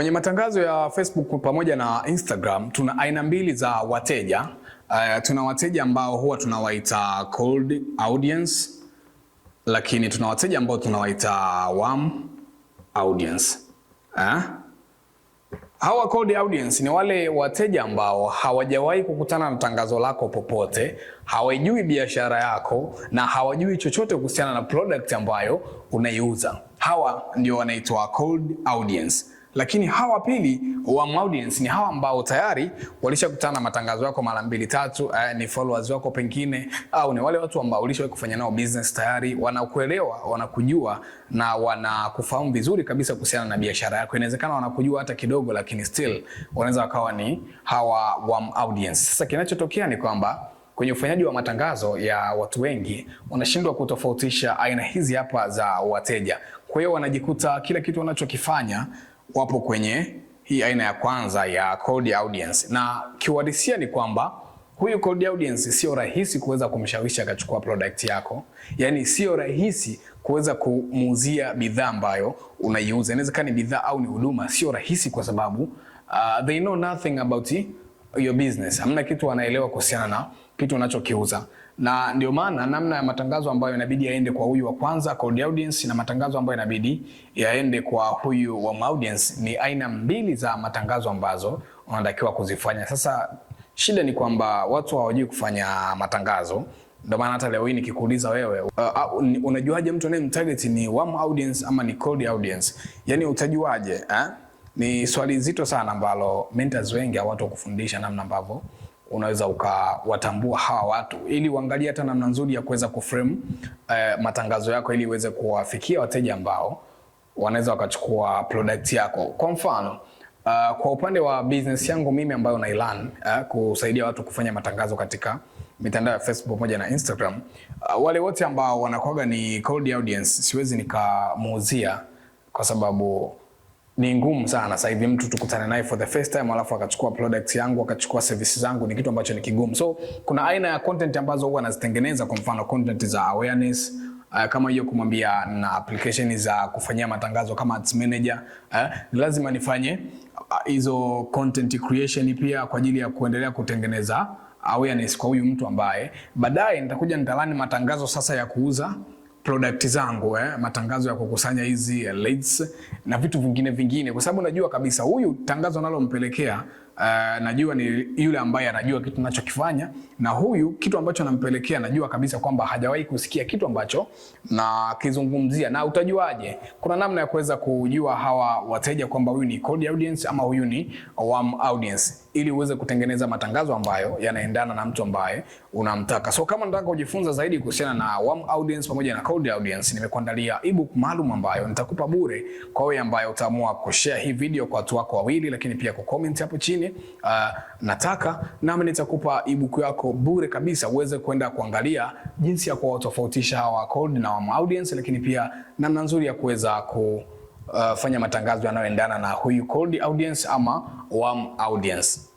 Kwenye matangazo ya Facebook pamoja na Instagram tuna aina mbili za wateja. Uh, tuna wateja ambao huwa tunawaita cold audience, lakini tuna wateja ambao tunawaita warm audience. Eh? Hawa cold audience ni wale wateja ambao hawajawahi kukutana na tangazo lako popote, hawajui biashara yako na hawajui chochote kuhusiana na product ambayo unaiuza. Hawa ndio wanaitwa cold audience. Lakini hawa pili wa audience ni hawa ambao tayari walishakutana na matangazo yako mara mbili tatu, eh, ni followers wako pengine, au ni wale watu ambao ulishawahi kufanya nao business tayari, wanakuelewa, wanakujua na wanakufahamu vizuri kabisa kuhusiana na biashara yako. Inawezekana wanakujua hata kidogo, lakini still wanaweza wakawa ni hawa wa audience. Sasa kinachotokea ni kwamba kwenye ufanyaji wa matangazo ya watu wengi wanashindwa kutofautisha aina hizi hapa za wateja. Kwa hiyo wanajikuta kila kitu wanachokifanya wapo kwenye hii aina ya kwanza ya cold audience, na kiuhalisia ni kwamba huyu cold audience sio rahisi kuweza kumshawishi akachukua product yako, yaani sio rahisi kuweza kumuuzia bidhaa ambayo unaiuza. Inawezekana ni bidhaa au ni huduma, sio rahisi kwa sababu uh, they know nothing about it your business, hamna kitu wanaelewa kuhusiana na kitu unachokiuza na ndio maana namna ya matangazo ambayo inabidi yaende kwa huyu wa kwanza cold audience na matangazo ambayo inabidi yaende kwa huyu wa audience ni aina mbili za matangazo ambazo unatakiwa kuzifanya. Sasa shida ni kwamba watu hawajui kufanya matangazo. Ndio maana hata leo hii nikikuuliza wewe, uh, uh unajuaje mtu anayemtarget ni warm audience ama ni cold audience? Yani utajuaje eh? Ni swali zito sana ambalo mentors wengi au watu hawatokufundisha namna ambavyo unaweza ukawatambua hawa watu ili uangalie hata namna nzuri ya kuweza kuframe uh, matangazo yako ili iweze kuwafikia wateja ambao wanaweza wakachukua product yako. Kwa mfano uh, kwa upande wa business yangu mimi ambayo na ilan uh, eh, kusaidia watu kufanya matangazo katika mitandao ya Facebook pamoja na Instagram. Uh, wale wote ambao wanakuaga ni cold audience siwezi nikamuuzia kwa sababu ni ngumu sana sasa hivi mtu tukutane naye for the first time, alafu akachukua products yangu akachukua services zangu, ni kitu ambacho ni kigumu. So kuna aina ya content ambazo huwa anazitengeneza, kwa mfano content za awareness Uh, kama hiyo kumwambia na application za kufanyia matangazo kama ads manager eh, lazima nifanye ah, hizo uh, content creation pia kwa ajili ya kuendelea kutengeneza awareness kwa huyu mtu ambaye baadaye nitakuja nitalani matangazo sasa ya kuuza product zangu eh, matangazo ya kukusanya hizi leads na vitu vingine vingine, kwa sababu najua kabisa huyu tangazo analompelekea uh, najua ni yule ambaye anajua kitu nachokifanya, na huyu kitu ambacho nampelekea najua kabisa kwamba hajawahi kusikia kitu ambacho nakizungumzia. Na utajuaje? Kuna namna ya kuweza kujua hawa wateja kwamba huyu ni cold audience ama huyu ni warm audience, ili uweze kutengeneza matangazo ambayo yanaendana na mtu ambaye unamtaka. So kama nataka kujifunza zaidi kuhusiana na warm audience pamoja na cold audience, nimekuandalia ebook maalum ambayo nitakupa bure kwa wewe ambaye utaamua kushare hii video kwa watu wako wawili, lakini pia kucomment hapo chini uh, nataka nami nitakupa ebook yako bure kabisa uweze kwenda kuangalia jinsi ya kuwatofautisha hawa cold na wa audience, lakini pia namna nzuri ya kuweza kufanya ah, matangazo yanayoendana na huyu cold audience ama warm audience.